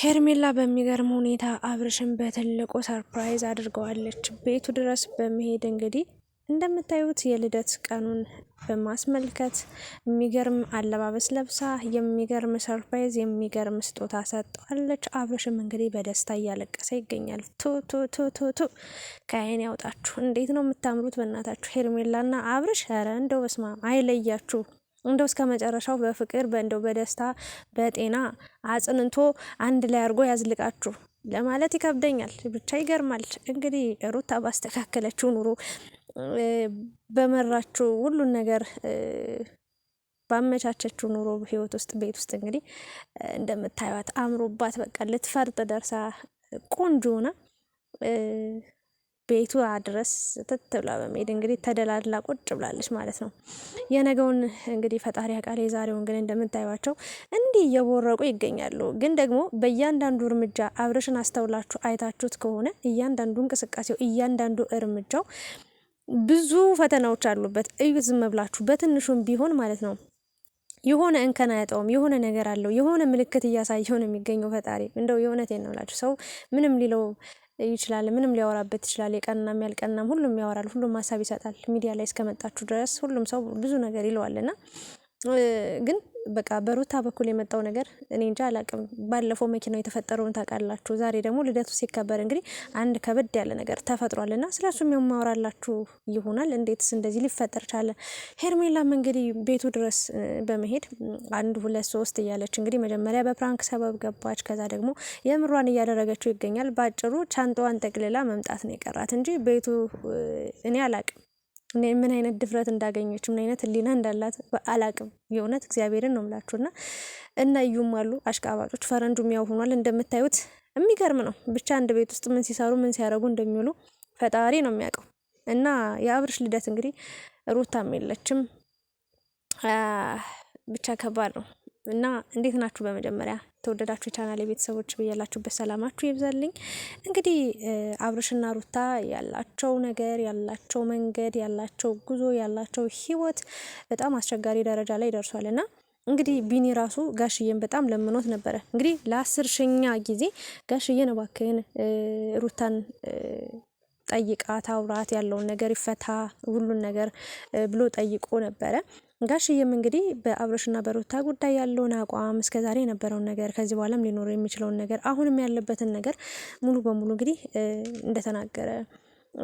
ሄርሜላ በሚገርም ሁኔታ አብርሽን በትልቁ ሰርፕራይዝ አድርገዋለች። ቤቱ ድረስ በመሄድ እንግዲህ እንደምታዩት የልደት ቀኑን በማስመልከት የሚገርም አለባበስ ለብሳ የሚገርም ሰርፕራይዝ የሚገርም ስጦታ ሰጠዋለች። አብርሽም እንግዲህ በደስታ እያለቀሰ ይገኛል። ቱቱቱቱቱ ከአይን ያውጣችሁ። እንዴት ነው የምታምሩት! በእናታችሁ ሄርሜላና አብርሽ ረ እንደው በስማ አይለያችሁ። እንደው እስከ መጨረሻው በፍቅር በእንደው በደስታ በጤና አጽንቶ አንድ ላይ አድርጎ ያዝልቃችሁ ለማለት ይከብደኛል። ብቻ ይገርማል እንግዲህ ሩታ ባስተካከለችው ኑሮ በመራችው ሁሉን ነገር ባመቻቸችው ኑሮ ህይወት ውስጥ ቤት ውስጥ እንግዲህ እንደምታዩት አምሮባት በቃ ልትፈርጥ ደርሳ ቆንጆ ሆና ቤቱ ድረስ ትት ብላ በመሄድ እንግዲህ ተደላድላ ቁጭ ብላለች ማለት ነው። የነገውን እንግዲህ ፈጣሪ ያውቃል። የዛሬውን ግን እንደምታዩቸው እንዲህ እየቦረቁ ይገኛሉ። ግን ደግሞ በእያንዳንዱ እርምጃ አብረሽን አስተውላችሁ አይታችሁት ከሆነ እያንዳንዱ እንቅስቃሴው፣ እያንዳንዱ እርምጃው ብዙ ፈተናዎች አሉበት። እዩት ዝም ብላችሁ በትንሹም ቢሆን ማለት ነው። የሆነ እንከን አያጣውም። የሆነ ነገር አለው። የሆነ ምልክት እያሳየው ነው የሚገኘው ፈጣሪ። እንደው የእውነቴን ነው እላችሁ ሰው ምንም ሊለው ይችላል። ምንም ሊያወራበት ይችላል። የቀናም ያልቀናም ሁሉም ያወራል። ሁሉም ሀሳብ ይሰጣል። ሚዲያ ላይ እስከመጣችሁ ድረስ ሁሉም ሰው ብዙ ነገር ይለዋልና ግን በቃ በሩታ በኩል የመጣው ነገር እኔ እንጃ አላቅም። ባለፈው መኪናው የተፈጠረውን ታውቃላችሁ። ዛሬ ደግሞ ልደቱ ሲከበር እንግዲህ አንድ ከበድ ያለ ነገር ተፈጥሯል እና ስለሱ የማወራላችሁ ይሆናል። እንዴትስ እንደዚህ ሊፈጠር ቻለ? ሄርሜላም እንግዲህ ቤቱ ድረስ በመሄድ አንድ ሁለት ሶስት እያለች እንግዲህ መጀመሪያ በፕራንክ ሰበብ ገባች። ከዛ ደግሞ የምሯን እያደረገችው ይገኛል። በአጭሩ ቻንጣዋን ጠቅልላ መምጣት ነው የቀራት እንጂ ቤቱ እኔ አላቅም። ምን አይነት ድፍረት እንዳገኘች ምን አይነት ህሊና እንዳላት አላቅም። የእውነት እግዚአብሔርን ነው ምላችሁና እና እዩም አሉ አሽቃባጮች፣ ፈረንጁም ያው ሆኗል እንደምታዩት። የሚገርም ነው ብቻ አንድ ቤት ውስጥ ምን ሲሰሩ ምን ሲያደርጉ እንደሚውሉ ፈጣሪ ነው የሚያውቀው። እና የአብርሽ ልደት እንግዲህ ሩታም የለችም ብቻ ከባድ ነው። እና እንዴት ናችሁ? በመጀመሪያ የተወደዳችሁ የቻናል የቤተሰቦች ብያላችሁበት ሰላማችሁ ይብዛልኝ። እንግዲህ አብርሽና ሩታ ያላቸው ነገር ያላቸው መንገድ ያላቸው ጉዞ ያላቸው ህይወት በጣም አስቸጋሪ ደረጃ ላይ ደርሷል እና እንግዲህ ቢኒ ራሱ ጋሽዬን በጣም ለምኖት ነበረ። እንግዲህ ለአስር ሽኛ ጊዜ ጋሽዬን እባክህን ሩታን ጠይቃት አውራት ያለውን ነገር ይፈታ ሁሉን ነገር ብሎ ጠይቆ ነበረ። ጋሽዬም እንግዲህ በአብርሽና በሩታ ጉዳይ ያለውን አቋም እስከዛሬ የነበረውን ነገር ከዚህ በኋላም ሊኖረው የሚችለውን ነገር አሁንም ያለበትን ነገር ሙሉ በሙሉ እንግዲህ እንደተናገረ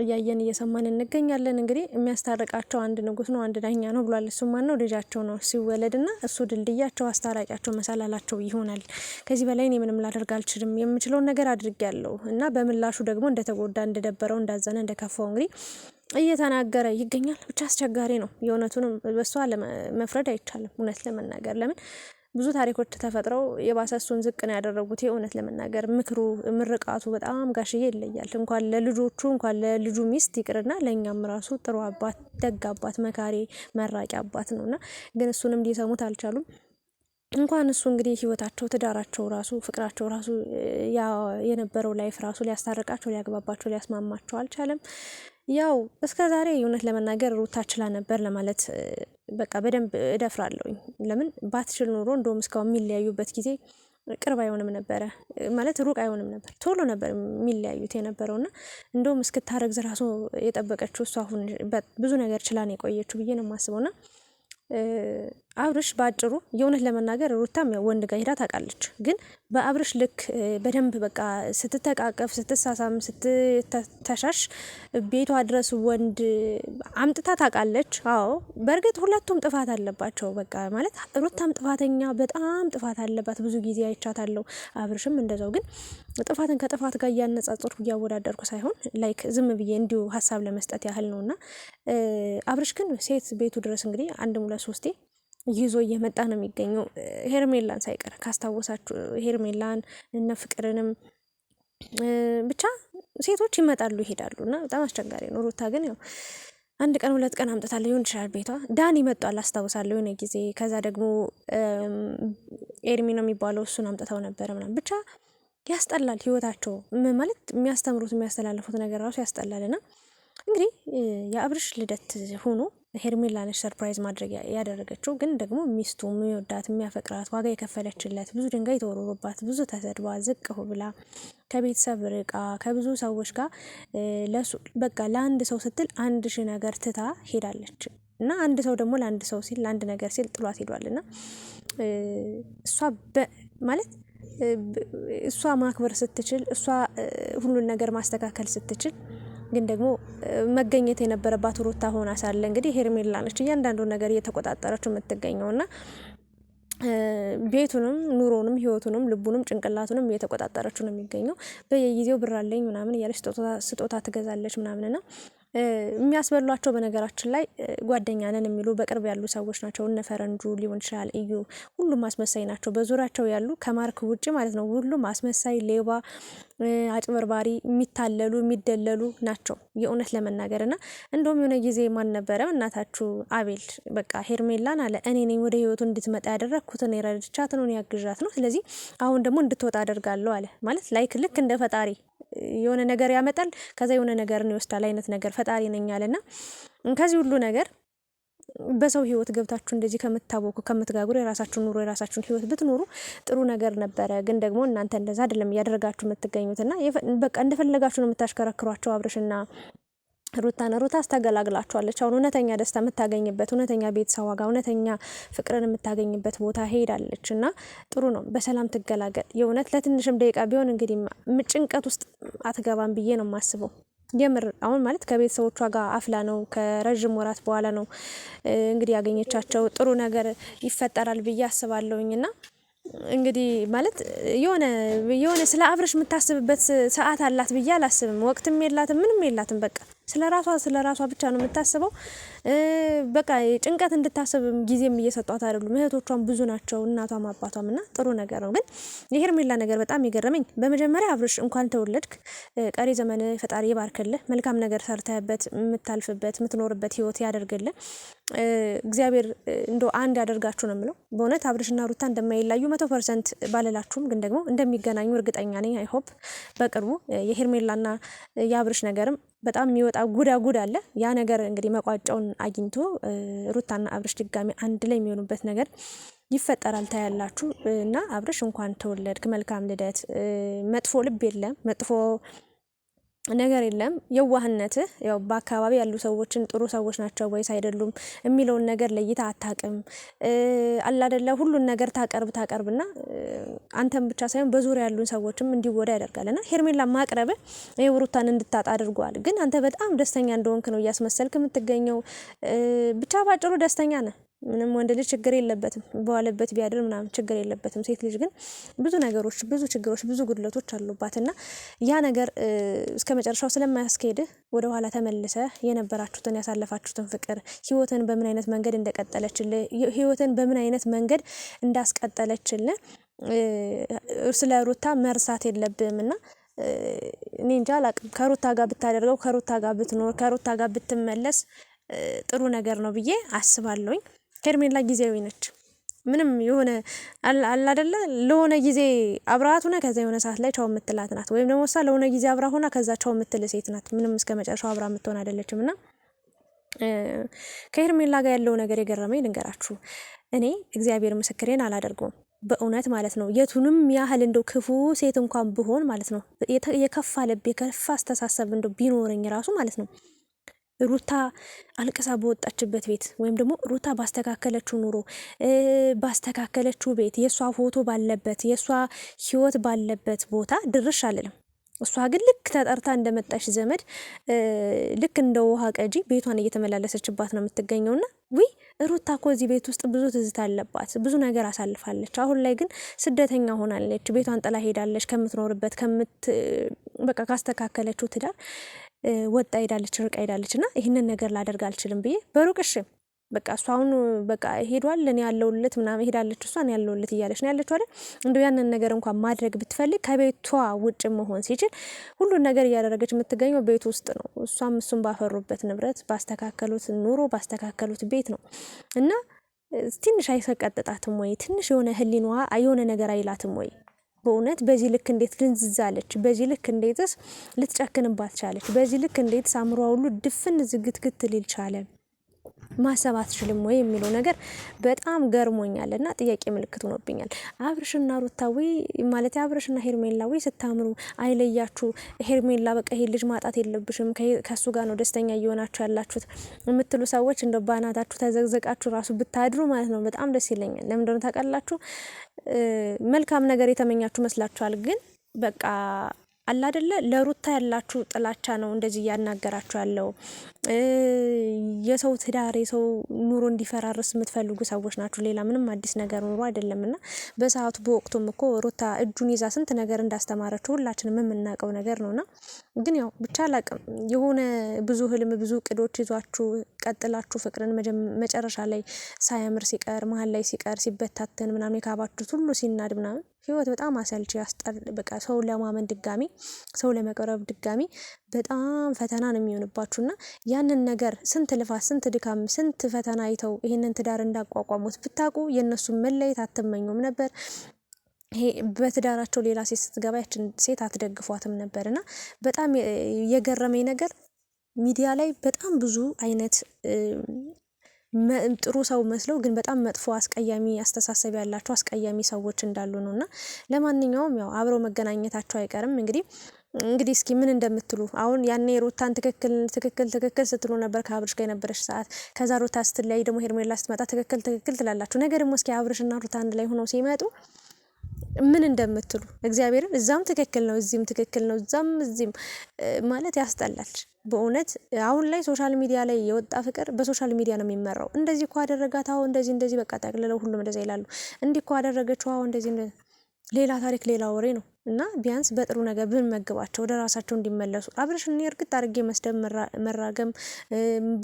እያየን እየሰማን እንገኛለን። እንግዲህ የሚያስታርቃቸው አንድ ንጉስ ነው፣ አንድ ዳኛ ነው ብሏል። እሱ ማን ነው? ልጃቸው ነው ሲወለድና እሱ ድልድያቸው፣ አስታራቂያቸው፣ መሰላላቸው ይሆናል። ከዚህ በላይ እኔ ምንም ላደርግ አልችልም፣ የምችለውን ነገር አድርጊያለሁ እና በምላሹ ደግሞ እንደተጎዳ፣ እንደደበረው፣ እንዳዘነ፣ እንደከፋው እንግዲህ እየተናገረ ይገኛል። ብቻ አስቸጋሪ ነው። የእውነቱንም በሷ መፍረድ አይቻልም፣ እውነት ለመናገር ለምን ብዙ ታሪኮች ተፈጥረው የባሰ እሱን ዝቅ ነው ያደረጉት። የእውነት ለመናገር ምክሩ፣ ምርቃቱ በጣም ጋሽዬ ይለያል። እንኳን ለልጆቹ እንኳን ለልጁ ሚስት ይቅርና ለእኛም ራሱ ጥሩ አባት፣ ደግ አባት፣ መካሪ፣ መራቂ አባት ነው እና ግን እሱንም ሊሰሙት አልቻሉም። እንኳን እሱ እንግዲህ ህይወታቸው ትዳራቸው ራሱ ፍቅራቸው ራሱ የነበረው ላይፍ ራሱ ሊያስታርቃቸው ሊያግባባቸው ሊያስማማቸው አልቻለም። ያው እስከ ዛሬ እውነት ለመናገር ሩታ ችላ ነበር ለማለት በቃ በደንብ እደፍራለሁ። ለምን ባትችል ኑሮ እንደውም እስካሁን የሚለያዩበት ጊዜ ቅርብ አይሆንም ነበረ ማለት ሩቅ አይሆንም ነበር፣ ቶሎ ነበር የሚለያዩት የነበረው እና እንደውም እስክታረግዝ ራሱ የጠበቀችው እሱ አሁን ብዙ ነገር ችላ ነው የቆየችው ብዬ ነው የማስበው እና አብርሽ በአጭሩ የእውነት ለመናገር ሩታም ያው ወንድ ጋር ሄዳ ታውቃለች። ግን በአብርሽ ልክ በደንብ በቃ ስትተቃቀፍ፣ ስትሳሳም፣ ስትተሻሽ ቤቷ ድረስ ወንድ አምጥታ ታውቃለች። አዎ በእርግጥ ሁለቱም ጥፋት አለባቸው። በቃ ማለት ሩታም ጥፋተኛ በጣም ጥፋት አለባት። ብዙ ጊዜ አይቻታለሁ። አብርሽም እንደዛው። ግን ጥፋትን ከጥፋት ጋር እያነጻጸርኩ እያወዳደርኩ ሳይሆን ላይክ ዝም ብዬ እንዲሁ ሀሳብ ለመስጠት ያህል ነው እና አብርሽ ግን ሴት ቤቱ ድረስ እንግዲህ አንድ ሙለ ሶስቴ ይዞ እየመጣ ነው የሚገኘው። ሄርሜላን ሳይቀር ካስታወሳችሁ ሄርሜላን እነ ፍቅርንም ብቻ ሴቶች ይመጣሉ ይሄዳሉ፣ እና በጣም አስቸጋሪ ነው። ሩታ ግን ያው አንድ ቀን ሁለት ቀን አምጥታ ሊሆን ይችላል ቤቷ። ዳኒ መጧል አስታውሳለሁ የሆነ ጊዜ። ከዛ ደግሞ ኤርሚ ነው የሚባለው እሱን አምጥተው ነበረ ምናምን ብቻ ያስጠላል ህይወታቸው ማለት የሚያስተምሩት የሚያስተላልፉት ነገር ራሱ ያስጠላል። እና እንግዲህ የአብርሽ ልደት ሆኖ ሄርሜላን ሰርፕራይዝ ማድረግ ያደረገችው። ግን ደግሞ ሚስቱ የሚወዳት የሚያፈቅራት ዋጋ የከፈለችለት ብዙ ድንጋይ ተወርሮባት ብዙ ተሰድባ ዝቅ ብላ ከቤተሰብ ርቃ ከብዙ ሰዎች ጋር ለሱ በቃ ለአንድ ሰው ስትል አንድ ሺ ነገር ትታ ሄዳለች። እና አንድ ሰው ደግሞ ለአንድ ሰው ሲል ለአንድ ነገር ሲል ጥሏት ሄዷል። እና እሷ ማለት እሷ ማክበር ስትችል እሷ ሁሉን ነገር ማስተካከል ስትችል ግን ደግሞ መገኘት የነበረባት ሩታ ሆና ሳለ እንግዲህ ሄርሜላ ነች እያንዳንዱ ነገር እየተቆጣጠረችው የምትገኘው ና ቤቱንም ኑሮንም ህይወቱንም ልቡንም ጭንቅላቱንም እየተቆጣጠረችው ነው የሚገኘው። በየጊዜው ብራለኝ ምናምን እያለች ስጦታ ትገዛለች ምናምንና የሚያስበሏቸው በነገራችን ላይ ጓደኛ ነን የሚሉ በቅርብ ያሉ ሰዎች ናቸው። እነ ፈረንጁ ሊሆን ይችላል እዩ፣ ሁሉም አስመሳይ ናቸው። በዙሪያቸው ያሉ ከማርክ ውጭ ማለት ነው። ሁሉም አስመሳይ፣ ሌባ፣ አጭበርባሪ፣ የሚታለሉ የሚደለሉ ናቸው የእውነት ለመናገር እና እንደውም የሆነ ጊዜ ማን ነበረ እናታችሁ አቤል በቃ ሄርሜላን አለ እኔ ነኝ ወደ ህይወቱ እንድትመጣ ያደረግኩትን የረድቻት ያግዣት ነው ስለዚህ አሁን ደግሞ እንድትወጣ አደርጋለሁ አለ ማለት ላይክ ልክ እንደ ፈጣሪ የሆነ ነገር ያመጣል፣ ከዛ የሆነ ነገርን ይወስዳል አይነት ነገር ፈጣሪ ነኝ አለና ከዚህ ሁሉ ነገር በሰው ህይወት ገብታችሁ እንደዚህ ከምታወቁ ከምትጋግሩ የራሳችሁን ኑሮ የራሳችሁን ህይወት ብትኖሩ ጥሩ ነገር ነበረ። ግን ደግሞ እናንተ እንደዛ አይደለም እያደረጋችሁ የምትገኙትና በቃ እንደፈለጋችሁ ነው የምታሽከረክሯቸው አብርሽና ሩታና ሩታ አስተገላግላችኋለች። አሁን እውነተኛ ደስታ የምታገኝበት እውነተኛ ቤተሰብ ዋጋ እውነተኛ ፍቅርን የምታገኝበት ቦታ ሄዳለች እና ጥሩ ነው። በሰላም ትገላገል። የእውነት ለትንሽም ደቂቃ ቢሆን እንግዲህ ጭንቀት ውስጥ አትገባም ብዬ ነው የማስበው። የምር አሁን ማለት ከቤተሰቦቿ ጋር አፍላ ነው ከረዥም ወራት በኋላ ነው እንግዲህ ያገኘቻቸው። ጥሩ ነገር ይፈጠራል ብዬ አስባለሁኝ እና እንግዲህ ማለት የሆነ የሆነ ስለ አብረሽ የምታስብበት ሰዓት አላት ብዬ አላስብም። ወቅትም የላትም ምንም የላትም በቃ ስለ ራሷ ስለ ራሷ ብቻ ነው የምታስበው። በቃ ጭንቀት እንድታስብ ጊዜም እየሰጧት አይደሉም። እህቶቿም ብዙ ናቸው እናቷም አባቷም እና ጥሩ ነገር ነው። ግን የሄርሜላ ነገር በጣም የገረመኝ በመጀመሪያ አብርሽ እንኳን ተወለድክ፣ ቀሪ ዘመን ፈጣሪ ይባርክልህ፣ መልካም ነገር ሰርተህበት የምታልፍበት የምትኖርበት ህይወት ያደርግልህ እግዚአብሔር እንደ አንድ ያደርጋችሁ ነው የምለው። በእውነት አብርሽና ሩታ እንደማይለያዩ መቶ ፐርሰንት ባልላችሁም ግን ደግሞ እንደሚገናኙ እርግጠኛ ነኝ። አይሆፕ በቅርቡ የሄርሜላና የአብርሽ ነገርም በጣም የሚወጣ ጉዳጉድ አለ። ያ ነገር እንግዲህ መቋጫውን አግኝቶ ሩታና አብርሽ ድጋሚ አንድ ላይ የሚሆኑበት ነገር ይፈጠራል ታያላችሁ። እና አብርሽ እንኳን ተወለድክ፣ መልካም ልደት። መጥፎ ልብ የለም፣ መጥፎ ነገር የለም የዋህነትህ ያው በአካባቢ ያሉ ሰዎችን ጥሩ ሰዎች ናቸው ወይስ አይደሉም የሚለውን ነገር ለይታ አታቅም። አላደለ ሁሉን ነገር ታቀርብ ታቀርብና አንተም ብቻ ሳይሆን በዙሪያ ያሉን ሰዎችም እንዲወዳ ያደርጋል። ሄርሜላ ማቅረብ ይኸው እንድታጣ አድርጓል። ግን አንተ በጣም ደስተኛ እንደሆንክ ነው እያስመሰልክ የምትገኘው። ብቻ ባጭሩ ደስተኛ ነህ። ምንም ወንድ ልጅ ችግር የለበትም በዋለበት ቢያድር ምናምን ችግር የለበትም። ሴት ልጅ ግን ብዙ ነገሮች፣ ብዙ ችግሮች፣ ብዙ ጉድለቶች አሉባት እና ያ ነገር እስከ መጨረሻው ስለማያስኬድህ ወደ ኋላ ተመልሰ የነበራችሁትን ያሳለፋችሁትን ፍቅር ህይወትን በምን አይነት መንገድ እንደቀጠለችል ህይወትን በምን አይነት መንገድ እንዳስቀጠለችል ስለ ሩታ መርሳት የለብም እና እኔ እንጃ አላቅም። ከሩታ ጋር ብታደርገው ከሩታ ጋር ብትኖር ከሩታ ጋር ብትመለስ ጥሩ ነገር ነው ብዬ አስባለሁኝ። ሄርሜላ ጊዜያዊ ነች። ምንም የሆነ አላደለ ለሆነ ጊዜ አብረሃት ሆነ ከዛ የሆነ ሰዓት ላይ ቻው የምትላት ናት። ወይም ደግሞ እሷ ለሆነ ጊዜ አብራ ሆና ከዛ ቻው የምትል ሴት ናት። ምንም እስከ መጨረሻው አብራ የምትሆን አይደለችም። እና ከሄርሜላ ጋር ያለው ነገር የገረመኝ ልንገራችሁ። እኔ እግዚአብሔር ምስክሬን አላደርገውም በእውነት ማለት ነው። የቱንም ያህል እንደው ክፉ ሴት እንኳን ብሆን ማለት ነው የከፋ ልብ የከፋ አስተሳሰብ እንደው ቢኖረኝ ራሱ ማለት ነው ሩታ አልቅሳ በወጣችበት ቤት ወይም ደግሞ ሩታ ባስተካከለችው ኑሮ ባስተካከለችው ቤት የእሷ ፎቶ ባለበት የእሷ ህይወት ባለበት ቦታ ድርሽ አልልም። እሷ ግን ልክ ተጠርታ እንደመጣሽ ዘመድ ልክ እንደ ውሃ ቀጂ ቤቷን እየተመላለሰችባት ነው ና ውይ ሩታ እኮ እዚህ ቤት ውስጥ ብዙ ትዝታ አለባት፣ ብዙ ነገር አሳልፋለች። አሁን ላይ ግን ስደተኛ ሆናለች፣ ቤቷን ጥላ ሄዳለች ከምትኖርበት ከምት በቃ ካስተካከለችው ትዳር ወጣ ሄዳለች፣ ርቃ ሄዳለች እና ይህንን ነገር ላደርግ አልችልም ብዬ በሩቅ እሺ በቃ እሷ አሁን በቃ ሄዷል፣ እኔ ያለውለት ምናምን ሄዳለች፣ እሷ ያለውለት እያለች ነው ያለችው አይደል? እንደው ያንን ነገር እንኳን ማድረግ ብትፈልግ ከቤቷ ውጭ መሆን ሲችል ሁሉን ነገር እያደረገች የምትገኘው ቤት ውስጥ ነው። እሷም እሱም ባፈሩበት ንብረት፣ ባስተካከሉት ኑሮ፣ ባስተካከሉት ቤት ነው እና ትንሽ አይሰቀጥጣትም ወይ? ትንሽ የሆነ ህሊናዋ የሆነ ነገር አይላትም ወይ? በእውነት በዚህ ልክ እንዴት ልንዝዛለች? በዚህ ልክ እንዴትስ ልትጨክንባት ቻለች? በዚህ ልክ እንዴትስ አእምሯ ሁሉ ድፍን ዝግትግት ሊል ቻለ? ማሰብ አትችልም ወይ የሚለው ነገር በጣም ገርሞኛል እና ጥያቄ ምልክት ሆኖብኛል። አብርሽና ሩታዊ ማለት አብርሽና ወይ ስታምሩ አይለያችሁ። ሄርሜላ በቃ ይሄ ልጅ ማጣት የለብሽም ከሱ ጋር ነው ደስተኛ እየሆናችሁ ያላችሁት የምትሉ ሰዎች እንደ ባናታችሁ ተዘግዘቃችሁ ራሱ ብታድሩ ማለት ነው በጣም ደስ ይለኛል። ለምንድነው ታውቃላችሁ? መልካም ነገር የተመኛችሁ መስላችኋል፣ ግን በቃ አላደለ ለሩታ ያላችሁ ጥላቻ ነው እንደዚህ እያናገራችሁ ያለው የሰው ትዳር የሰው ኑሮ እንዲፈራርስ የምትፈልጉ ሰዎች ናችሁ። ሌላ ምንም አዲስ ነገር ኑሮ አይደለም ና በሰዓቱ በወቅቱም እኮ ሩታ እጁን ይዛ ስንት ነገር እንዳስተማረችው ሁላችንም የምናውቀው ነገር ና ግን ያው ብቻ አላቅም የሆነ ብዙ ህልም ብዙ እቅዶች ይዟችሁ ቀጥላችሁ ፍቅርን መጨረሻ ላይ ሳያምር ሲቀር መሀል ላይ ሲቀር ሲበታተን ምናምን የካባችሁት ሁሉ ሲናድ ምናምን ህይወት በጣም አሰልቺ ያስጠል በቃ ሰው ለማመን ድጋሚ ሰው ለመቅረብ ድጋሚ በጣም ፈተና ነው የሚሆንባችሁ እና ያንን ነገር ስንት ልፋት፣ ስንት ድካም፣ ስንት ፈተና አይተው ይህንን ትዳር እንዳቋቋሙት ብታውቁ የእነሱን መለየት አትመኙም ነበር። ይሄ በትዳራቸው ሌላ ሴት ስትገባ ያችን ሴት አትደግፏትም ነበር እና በጣም የገረመኝ ነገር ሚዲያ ላይ በጣም ብዙ አይነት ጥሩ ሰው መስለው ግን በጣም መጥፎ አስቀያሚ አስተሳሰብ ያላቸው አስቀያሚ ሰዎች እንዳሉ ነው። እና ለማንኛውም ያው አብረው መገናኘታቸው አይቀርም እንግዲህ እንግዲህ እስኪ ምን እንደምትሉ አሁን ያኔ ሩታን ትክክል ትክክል ትክክል ስትሉ ነበር ከአብርሽ ጋር የነበረች ሰዓት። ከዛ ሩታ ስትለያይ ደግሞ ሄርሜላ ስትመጣ ትክክል ትክክል ትላላችሁ። ነገ ደግሞ እስኪ አብርሽና ሩታ አንድ ላይ ሆነው ሲመጡ ምን እንደምትሉ እግዚአብሔርን እዛም ትክክል ነው እዚህም ትክክል ነው እዛም እዚህም ማለት ያስጠላል። በእውነት አሁን ላይ ሶሻል ሚዲያ ላይ የወጣ ፍቅር በሶሻል ሚዲያ ነው የሚመራው። እንደዚህ እኮ አደረጋት፣ አሁ እንደዚህ እንደዚህ፣ በቃ ጠቅልለው ሁሉም እንደዛ ይላሉ። እንዲህ እኮ አደረገችው፣ አሁ እንደዚህ፣ ሌላ ታሪክ፣ ሌላ ወሬ ነው እና ቢያንስ በጥሩ ነገር ብንመግባቸው ወደ ራሳቸው እንዲመለሱ አብረሽ እኔ እርግጥ አድርጌ መስደብ፣ መራገም፣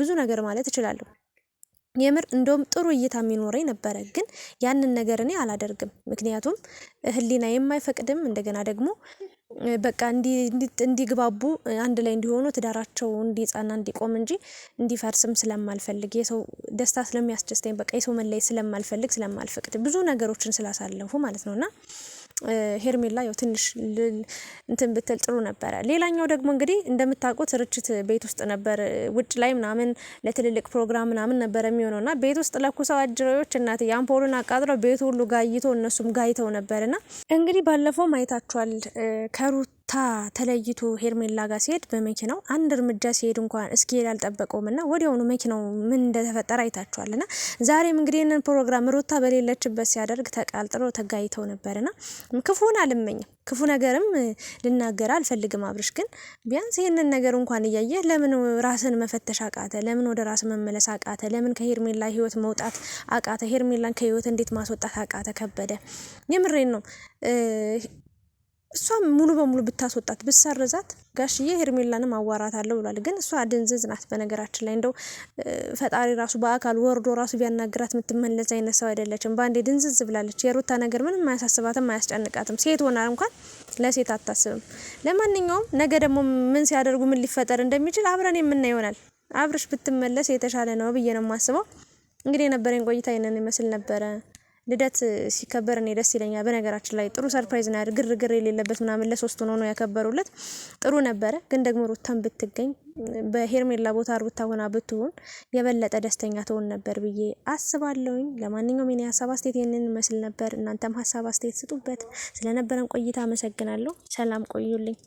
ብዙ ነገር ማለት እችላለሁ። የምር እንደውም ጥሩ እይታ የሚኖረኝ ነበረ። ግን ያንን ነገር እኔ አላደርግም፣ ምክንያቱም ሕሊና የማይፈቅድም እንደገና ደግሞ በቃ እንዲግባቡ አንድ ላይ እንዲሆኑ ትዳራቸው እንዲጸና እንዲቆም እንጂ እንዲፈርስም ስለማልፈልግ የሰው ደስታ ስለሚያስደስተኝ በቃ የሰው መለየት ስለማልፈልግ ስለማልፈቅድ ብዙ ነገሮችን ስላሳለፉ ማለት ነውና ሄርሜላ ያው ትንሽ እንትን ብትል ጥሩ ነበረ። ሌላኛው ደግሞ እንግዲህ እንደምታውቁት ርችት ቤት ውስጥ ነበር፣ ውጭ ላይ ምናምን ለትልልቅ ፕሮግራም ምናምን ነበር የሚሆነው እና ቤት ውስጥ ለኩሰው አጅሬዎች እናት የአምፖሉን አቃጥለው ቤቱ ሁሉ ጋይቶ እነሱም ጋይተው ነበርና እንግዲህ ባለፈው ማየታችኋል ከሩት ሩታ ተለይቶ ሄርሜላ ጋር ሲሄድ በመኪናው አንድ እርምጃ ሲሄድ እንኳን እስኪሄድ አልጠበቀውም እና ወዲያውኑ መኪናው ምን እንደተፈጠረ አይታችኋል። ና ዛሬም እንግዲህ ይህንን ፕሮግራም ሩታ በሌለችበት ሲያደርግ ተቃልጥሎ ተጋይተው ነበር። ና ክፉን አልመኝም፣ ክፉ ነገርም ልናገር አልፈልግም። አብርሽ ግን ቢያንስ ይህንን ነገር እንኳን እያየ ለምን ራስን መፈተሽ አቃተ? ለምን ወደ ራስ መመለስ አቃተ? ለምን ከሄርሜላ ህይወት መውጣት አቃተ? ሄርሜላን ከህይወት እንዴት ማስወጣት አቃተ? ከበደ የምሬን ነው እሷም ሙሉ በሙሉ ብታስወጣት ብሰርዛት ጋሽዬ ሄርሜላንም አለው ብሏል። ግን እሷ ድንዝዝ ናት። በነገራችን ላይ እንደው ፈጣሪ ራሱ በአካል ወርዶ ራሱ ቢያናግራት የምትመለስ አይነት ሰው አይደለችም። በአንዴ ድንዝዝ ብላለች። የሩታ ነገር ምንም አያሳስባትም፣ አያስጨንቃትም። ሴት ሆና እንኳን ለሴት አታስብም። ለማንኛውም ነገ ደግሞ ምን ሲያደርጉ ምን ሊፈጠር እንደሚችል አብረን የምና ይሆናል። አብርሽ ብትመለስ የተሻለ ነው ብዬ ነው የማስበው። እንግዲህ የነበረኝ ቆይታ ይህንን ይመስል ነበረ። ልደት ሲከበር እኔ ደስ ይለኛል። በነገራችን ላይ ጥሩ ሰርፕራይዝ ነው፣ ግርግር የሌለበት ምናምን ለሶስቱ ነው ነው ያከበሩለት። ጥሩ ነበረ። ግን ደግሞ ሩታን ብትገኝ በሄርሜላ ቦታ ሩታ ሆና ብትሆን የበለጠ ደስተኛ ትሆን ነበር ብዬ አስባለሁኝ። ለማንኛውም የኔ ሀሳብ አስተያየት ይህንን ይመስል ነበር። እናንተም ሀሳብ አስተያየት ስጡበት። ስለነበረን ቆይታ አመሰግናለሁ። ሰላም ቆዩልኝ።